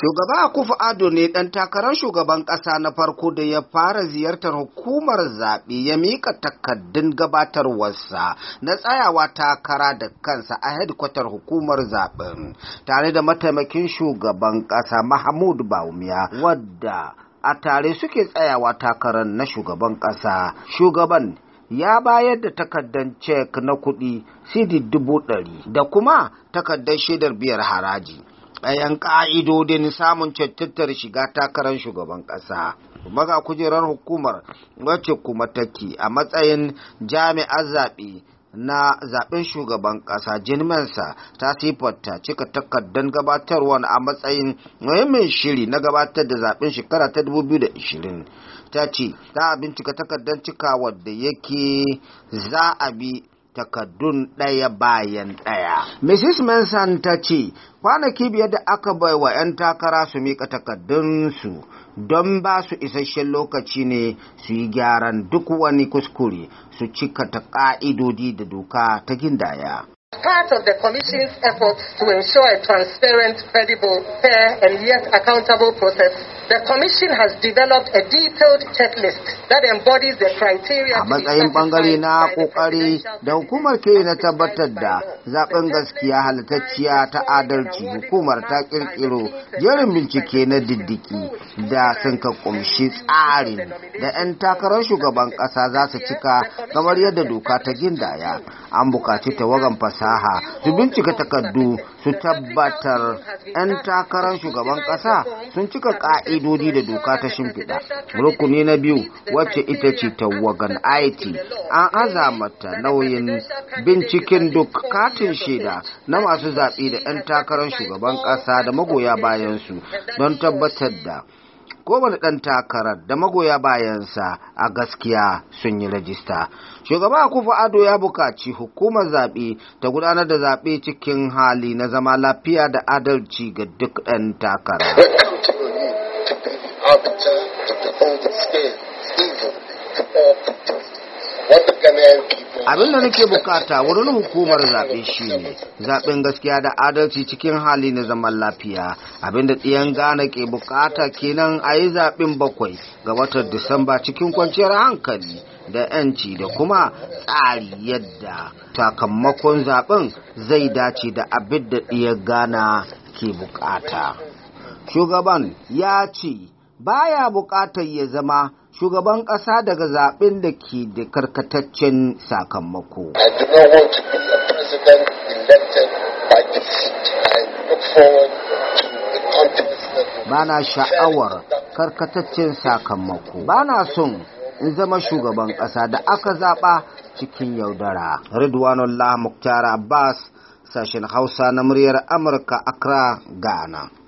Shugaba Akufu Ado ne ɗan takarar shugaban ƙasa na farko da ya fara ziyartar hukumar zaɓe ya mika takaddun gabatarwarsa na tsayawa takara da kansa a hedikwatar hukumar zaɓen tare da mataimakin shugaban ƙasa Mahmud Baumiya wadda a tare suke tsayawa takarar na shugaban ƙasa. Shugaban ya bayar da takardar cek na kuɗi sidi dubu ɗari da kuma takardar shaidar biyar haraji ɗayan ƙa'idodin samun cattattar shiga takarar shugaban ƙasa. Maga kujerar hukumar wacce kuma take a matsayin jami'ar zaɓe na zaɓen shugaban ƙasa jinmansa ta siffanta cika takardar gabatarwa a matsayin muhimmin shiri na gabatar da zaɓen shekara ta 2020 ta ce a bincika takardar cika wadda yake za a bi takaddun ɗaya bayan ɗaya. Mrs. Manson ta ce, kwanaki biyar da aka bai wa 'yan takara su miƙa takaddunsu don ba su isasshen lokaci ne su yi gyaran duk wani kuskure su cika ta ƙa'idodi da doka ta gindaya. part of the Commission's efforts to ensure a transparent, credible, fair, and yet accountable process The has a that the criteria. matsayin ɓangare na ƙoƙari, da hukumar ke na tabbatar da zaɓen gaskiya halittacciya ta adalci hukumar ta ƙirƙiro jerin bincike na diddiki da sun ka ƙunshi tsarin da 'yan takarar shugaban ƙasa za su cika kamar yadda doka ta gindaya. An bukaci tawagan fasaha su bincika takardu su tabbatar 'yan takarar shugaban ƙasa sun cika ƙa'i ƙa'idodi da doka ta shimfiɗa rukuni na biyu wacce ita ce tawagan it an azamata nauyin binciken duk katin shaida na masu zaɓe da 'yan takarar shugaban ƙasa da magoya bayansu don tabbatar da kowane ɗan takarar da magoya bayansa a gaskiya sun yi rajista. Shugaba kufa Ado ya buƙaci hukumar zaɓe ta gudanar da zaɓe cikin hali na zama lafiya da adalci ga duk ɗan takara. Abin da nake bukata wurin hukumar zaɓe shine zaɓen gaskiya da adalci cikin hali na zaman lafiya Abin da ɗiyan Ghana ke bukata kenan a yi zaɓen bakwai ga watan Disamba cikin kwanciyar hankali da 'yanci da kuma tsari yadda takamakon zaɓen zai dace da abin da ɗiyan Ghana ke bukata. Shugaban ya ce baya buƙatar ya zama shugaban ƙasa daga zaɓen da ke da karkataccen sakamako. Bana sha'awar karkataccen sakamako. Bana son in zama shugaban ƙasa da aka zaɓa cikin yaudara. Ridwanullah Muktar Abbas, sashen Hausa na muryar Amurka, Accra, Ghana.